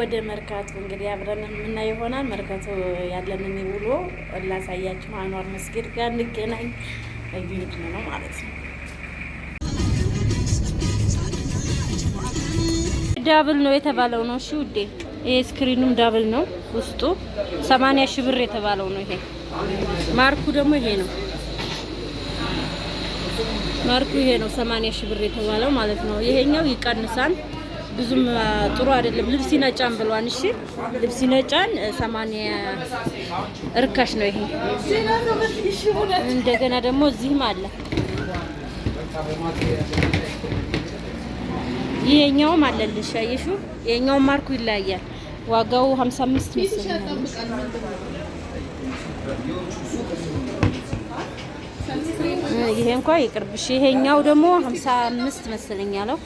ወደ መርካቶ እንግዲህ አብረን የምናየው ይሆናል። መርካቶ ያለንን ውሎ ላሳያችሁ። አኗር መስጊድ ጋር እንገናኝ እየሄድን ነው ማለት ነው። ዳብል ነው የተባለው ነው። እሺ ውዴ፣ ይሄ ስክሪኑም ዳብል ነው ውስጡ። ሰማንያ ሺህ ብር የተባለው ነው ይሄ። ማርኩ ደግሞ ይሄ ነው። ማርኩ ይሄ ነው፣ ሰማንያ ሺህ ብር የተባለው ማለት ነው። ይሄኛው ይቀንሳል ብዙም ጥሩ አይደለም። ልብስ ይነጫን ብሏን። እሺ ልብስ ይነጫን ሰማንያ እርካሽ ነው ይሄ። እንደገና ደግሞ እዚህም አለ ይሄኛውም አለልሽ። አየሽው? ይሄኛውም ማርኩ ይለያያል። ዋጋው 55 መሰለኝ ይሄ እንኳ ይቅርብሽ። ይሄኛው ደግሞ 55 መሰለኝ ያለው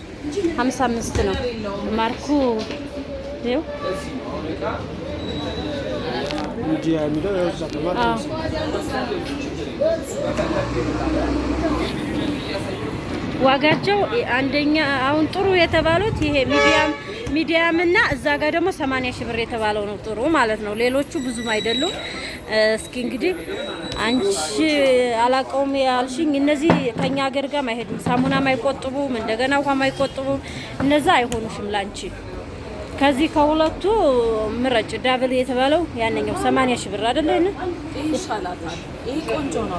55 ነው ማርኩ። ይኸው ዋጋቸው አንደኛ አሁን ጥሩ የተባሉት ይሄ ሚዲያም ሚዲያም እና እዛ ጋር ደግሞ 80 ሺህ ብር የተባለው ነው ጥሩ ማለት ነው። ሌሎቹ ብዙም አይደሉም። እስኪ እንግዲህ አንቺ አላቀውም ያልሽኝ እነዚህ ከኛ ሀገር ጋር አይሄዱም። ሳሙናም አይቆጥቡም፣ እንደገና ውሃም አይቆጥቡም። እነዛ አይሆኑሽም ላንቺ። ከዚህ ከሁለቱ ምረጭ። ዳብል የተባለው ያነኛው 80 ሺህ ብር አይደለ? ይሻላታል። ይሄ ቆንጆ ነው፣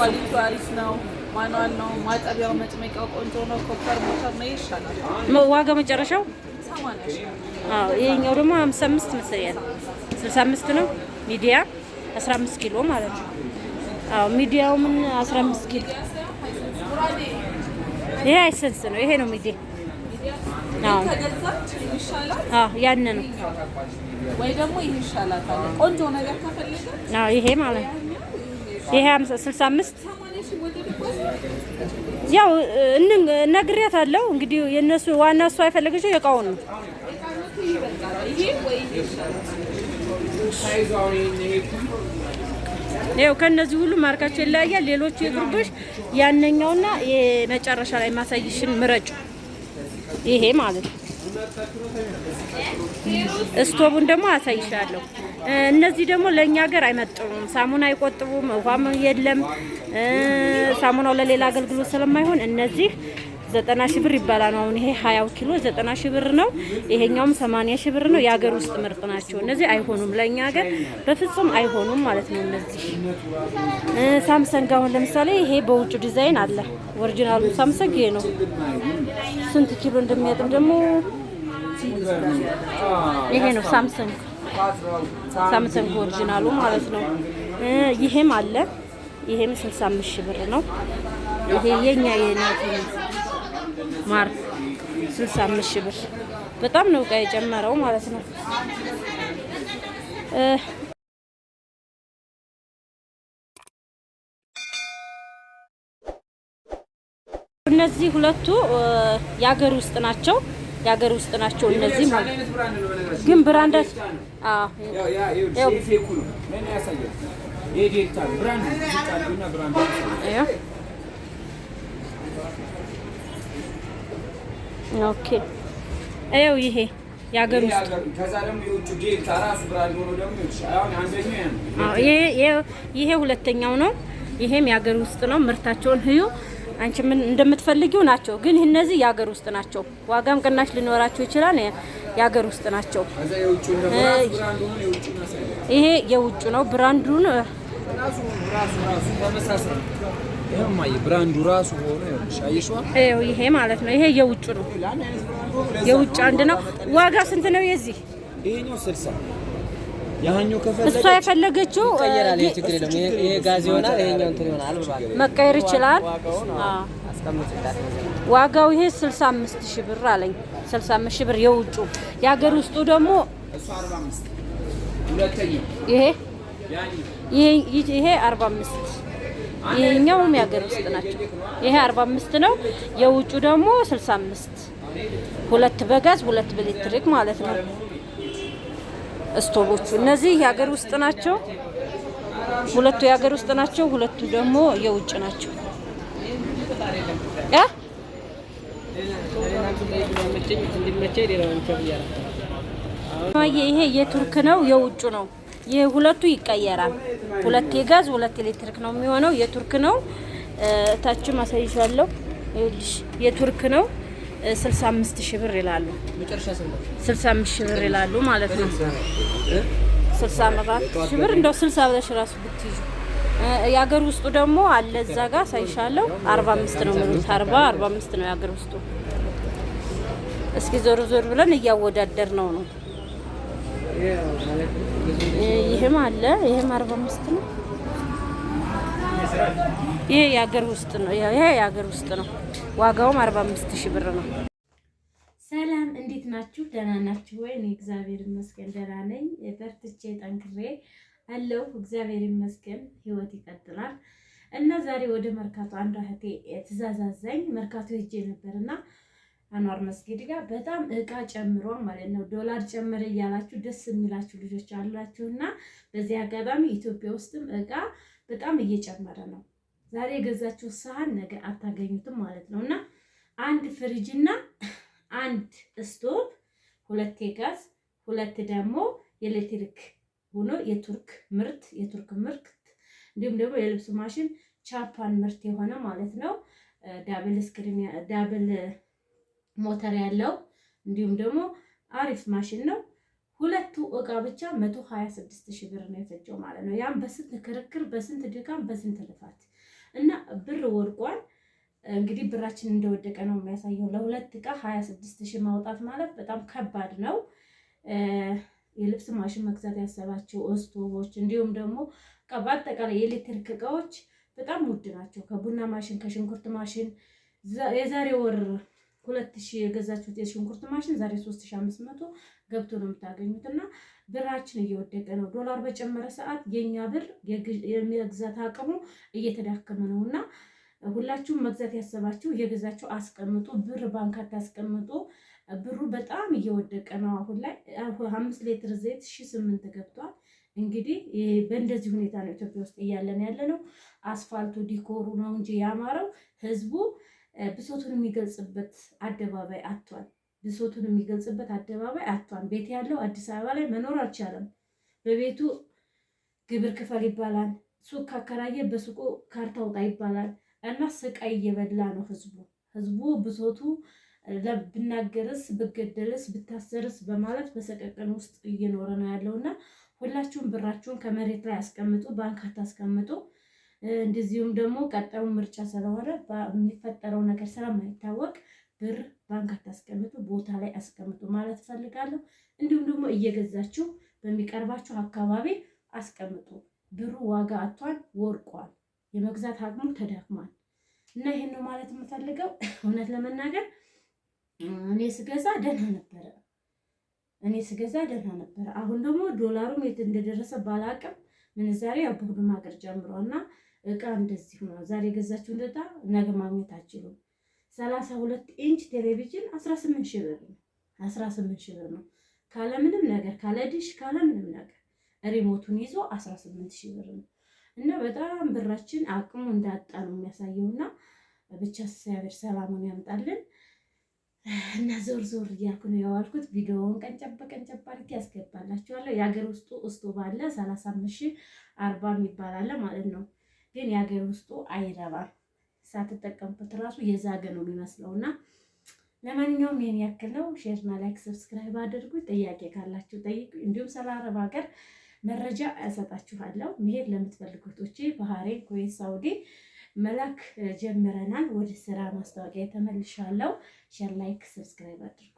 ኳሊቲው አሪፍ ነው። ማኗል ነው፣ ማጠቢያው መጭመቂያው ቆንጆ ነው። ኮፐር ሞተር ነው፣ ይሻላል። ዋጋ መጨረሻው ይሄኛው ደግሞ 55 መሰለኝ 65 ነው ሚዲያ 15 ኪሎ ማለት ነው። አዎ ምን 15 ኪሎ ይሄ አይሰንስ ነው። ይሄ ነው ሚዲያ። አዎ አዎ ያን ነው ወይ ደግሞ ይሄ ይሻላል። ቆንጆ ነገር ከፈለገ አዎ ይሄ ማለት ነው። ይሄ 65 ያው አለው እንግዲህ የእነሱ ዋና እሱ አይፈለገችው የእቃውን ነው። ይኸው ከእነዚህ ሁሉ ማርካቸው ይለያያል። ሌሎቹ የግሩቦች ያነኛውና የመጨረሻ ላይ ማሳይሽን ምረጩ። ይሄ ማለት ነው። እስቶቡን ደግሞ አሳይሻለሁ። እነዚህ ደግሞ ለእኛ ሀገር አይመጥኑም። ሳሙና አይቆጥቡም፣ ውሃም የለም። ሳሙናው ለሌላ አገልግሎት ስለማይሆን እነዚህ ዘጠና ሺ ብር ይባላል። አሁን ይሄ ሀያው ኪሎ ዘጠና ሺህ ብር ነው። ይሄኛውም ሰማንያ ሺ ብር ነው። የሀገር ውስጥ ምርጥ ናቸው እነዚህ። አይሆኑም ለእኛ ሀገር በፍጹም አይሆኑም ማለት ነው። እነዚህ ሳምሰንግ አሁን ለምሳሌ ይሄ በውጭ ዲዛይን አለ። ኦሪጂናሉ ሳምሰንግ ይሄ ነው። ስንት ኪሎ እንደሚያጥም ደግሞ ይሄ ነው ሳምሰንግ ሳምሰንግ ኦሪጂናሉ ማለት ነው። ይሄም አለ። ይሄም 65 ሺህ ብር ነው። ይሄ የኛ የናት ማር 65 ሺህ ብር በጣም ነው እቃ የጨመረው ማለት ነው። እነዚህ ሁለቱ የሀገር ውስጥ ናቸው። የሀገር ውስጥ ናቸው እነዚህ ማለት ግን አዎ ኦኬ ይኸው ይሄ የሀገር ውስጥ ይሄ ሁለተኛው ነው። ይሄም የሀገር ውስጥ ነው። ምርታቸውን ህዩ አንቺ ምን እንደምትፈልጊው ናቸው። ግን እነዚህ የሀገር ውስጥ ናቸው። ዋጋም ቅናሽ ሊኖራቸው ይችላል። የሀገር ውስጥ ናቸው። ይሄ የውጭ ነው። ብራንዱን ይሄማይ ብራንዱ ራሱ ሆኖ ይሄ ማለት ነው። ይሄ የውጭ ነው፣ የውጭ አንድ ነው። ዋጋ ስንት ነው የዚህ? ይሄኛው 60 ያኛው ከፈለገ እሷ የፈለገችው ይሄ ጋዝ ይሆናል፣ ይሄኛው እንትን ይሆናል። መቀየር ይችላል። ዋጋው ይሄ 65 ሺህ ብር አለኝ። 65 ሺህ ብር የውጭ። የሀገር ውስጡ ደግሞ ይሄ ይሄ 45 ይሄኛውም የሀገር ውስጥ ናቸው። ይሄ 45 ነው፣ የውጩ ደግሞ 65 ሁለት በጋዝ ሁለት በኤሌክትሪክ ማለት ነው። ስቶቦቹ እነዚህ የሀገር ውስጥ ናቸው። ሁለቱ የሀገር ውስጥ ናቸው፣ ሁለቱ ደግሞ የውጭ ናቸው። ይሄ የቱርክ ነው፣ የውጩ ነው። የሁለቱ ይቀየራል። ሁለት የጋዝ ሁለት ኤሌክትሪክ ነው የሚሆነው። የቱርክ ነው። እታችም አሳይሻለሁ። ይኸውልሽ የቱርክ ነው 65 ሺህ ብር ይላሉ። 65 ሺህ ብር ይላሉ ማለት ነው። 64 ሺህ ብር እንደው 60 ብለሽ ራሱ ብትይዙ። የሀገር ውስጡ ደግሞ አለ እዛ ጋር ሳይሻለው 45 ነው የሚሉት። 40 45 ነው የሀገር ውስጡ። እስኪ ዞር ዞር ብለን እያወዳደር ነው ነው ይህም አለ። ይህም አርባ አምስት ነው። ይሄ የሀገር ውስጥ ነው። ይሄ የሀገር ውስጥ ነው። ዋጋውም አርባ ሺህ ብር ነው። ሰላም እንዴት ናችሁ? ደህና ናችሁ ወይ? እኔ እግዚአብሔር ይመስገን ደህና ነኝ። በርትቼ ጠንክሬ አለው እግዚአብሔር ይመስገን ህይወት ይቀጥላል። እና ዛሬ ወደ መርካቶ አንዷ እህቴ ትእዛዛዘኝ መርካቶ ሄጄ ነበርና አኗር መስጊድ ጋር በጣም እቃ ጨምሮ ማለት ነው። ዶላር ጨመረ እያላችሁ ደስ የሚላችሁ ልጆች እና በዚህ አጋጣሚ ኢትዮጵያ ውስጥም እቃ በጣም እየጨመረ ነው። ዛሬ የገዛችሁ ሰሃን ነገ አታገኙትም ማለት ነው እና አንድ ፍሪጅ እና አንድ ስቶቭ፣ ሁለት የጋዝ ሁለት ደግሞ የኤሌክትሪክ ሆኖ የቱርክ ምርት የቱርክ ምርት እንዲሁም ደግሞ የልብስ ማሽን ቻፓን ምርት የሆነ ማለት ነው ዳብል ስክሪን ዳብል ሞተር ያለው እንዲሁም ደግሞ አሪፍ ማሽን ነው። ሁለቱ እቃ ብቻ 126 ሺህ ብር ነው የፈጀው ማለት ነው። ያም በስንት ክርክር፣ በስንት ድካም፣ በስንት ልፋት እና ብር ወድቋል። እንግዲህ ብራችን እንደወደቀ ነው የሚያሳየው። ለሁለት እቃ 26 ሺህ ማውጣት ማለት በጣም ከባድ ነው። የልብስ ማሽን መግዛት ያሰባቸው እስቶቦች፣ እንዲሁም ደግሞ በአጠቃላይ የኤሌክትሪክ እቃዎች በጣም ውድ ናቸው። ከቡና ማሽን ከሽንኩርት ማሽን የዛሬ ወር ሁለት ሺህ የገዛችሁት የሽንኩርት ማሽን ዛሬ ሶስት ሺህ አምስት መቶ ገብቶ ነው የምታገኙት። እና ብራችን እየወደቀ ነው። ዶላር በጨመረ ሰዓት የእኛ ብር የመግዛት አቅሙ እየተዳከመ ነው እና ሁላችሁም መግዛት ያሰባችሁ እየገዛችሁ አስቀምጡ። ብር ባንክ አታስቀምጡ። ብሩ በጣም እየወደቀ ነው። አሁን ላይ አምስት ሌትር ዘይት ሺ ስምንት ገብቷል። እንግዲህ በእንደዚህ ሁኔታ ነው ኢትዮጵያ ውስጥ እያለን ያለ ነው። አስፋልቱ ዲኮሩ ነው እንጂ ያማረው ህዝቡ ብሶቱን የሚገልጽበት አደባባይ አጥቷል። ብሶቱን የሚገልጽበት አደባባይ አጥቷል። ቤት ያለው አዲስ አበባ ላይ መኖር አልቻለም። በቤቱ ግብር ክፈል ይባላል። ሱቅ ካከራየ በሱቁ ካርታ አውጣ ይባላል። እና ስቃይ እየበላ ነው ህዝቡ ህዝቡ ብሶቱ ብናገርስ ብገደልስ ብታሰርስ በማለት በሰቀቀን ውስጥ እየኖረ ነው ያለው እና ሁላችሁም ብራችሁን ከመሬት ላይ አስቀምጡ፣ ባንክ አታስቀምጡ። እንደዚሁም ደግሞ ቀጣዩ ምርጫ ስለሆነ የሚፈጠረው ነገር ስለማይታወቅ ብር ባንክ አታስቀምጡ፣ ቦታ ላይ አስቀምጡ ማለት እፈልጋለሁ። እንዲሁም ደግሞ እየገዛችሁ በሚቀርባችሁ አካባቢ አስቀምጡ። ብሩ ዋጋ አቷል ወርቋል፣ የመግዛት አቅሙ ተዳክሟል። እና ይህን ነው ማለት የምፈልገው። እውነት ለመናገር እኔ ስገዛ ደህና ነበረ፣ እኔ ስገዛ ደህና ነበረ። አሁን ደግሞ ዶላሩም የት እንደደረሰ ባላቅም ምንዛሬ ያው ብር ጀምሮ እና እቃ እንደዚህ ነው። ዛሬ የገዛችሁ እንደጣ ነገ ማግኘት አትችሉም። ሰላሳ ሁለት ኢንች ቴሌቪዥን አስራ ስምንት ሺህ ብር ነው። አስራ ስምንት ሺህ ብር ነው ካለምንም ነገር ካለ ዲሽ ምንም ነገር ሪሞቱን ይዞ አስራ ስምንት ሺህ ብር ነው እና በጣም ብራችን አቅሙ እንዳጣ ነው የሚያሳየው። የሚያሳየውና ብቻ እግዚአብሔር ሰላሙን ያምጣልን እና ዞር ዞር እያልኩ ነው የዋልኩት። ቪዲዮውን ቀንጨባ ቀንጨባ አድርጌ ያስገባላችኋለሁ። የሀገር ውስጡ እስቶቭ ባለ ሰላሳ አምስት ሺህ አርባ የሚባል አለ ማለት ነው ግን የሀገር ውስጡ አይረባም። ሳትጠቀምበት ራሱ የዛገ ነው የሚመስለው እና ለማንኛውም ይህን ያክል ነው። ሼርና ላይክ ሰብስክራይብ አድርጉ። ጥያቄ ካላችሁ ጠይቁ። እንዲሁም ስለ አረብ ሀገር መረጃ እሰጣችኋለሁ። መሄድ ለምትፈልጉት ውጭ ባህሬን፣ ኩዌት፣ ሳውዲ መላክ ጀምረናል። ወደ ስራ ማስታወቂያ ተመልሻለሁ። ሼር ላይክ ሰብስክራይብ አድርጉ።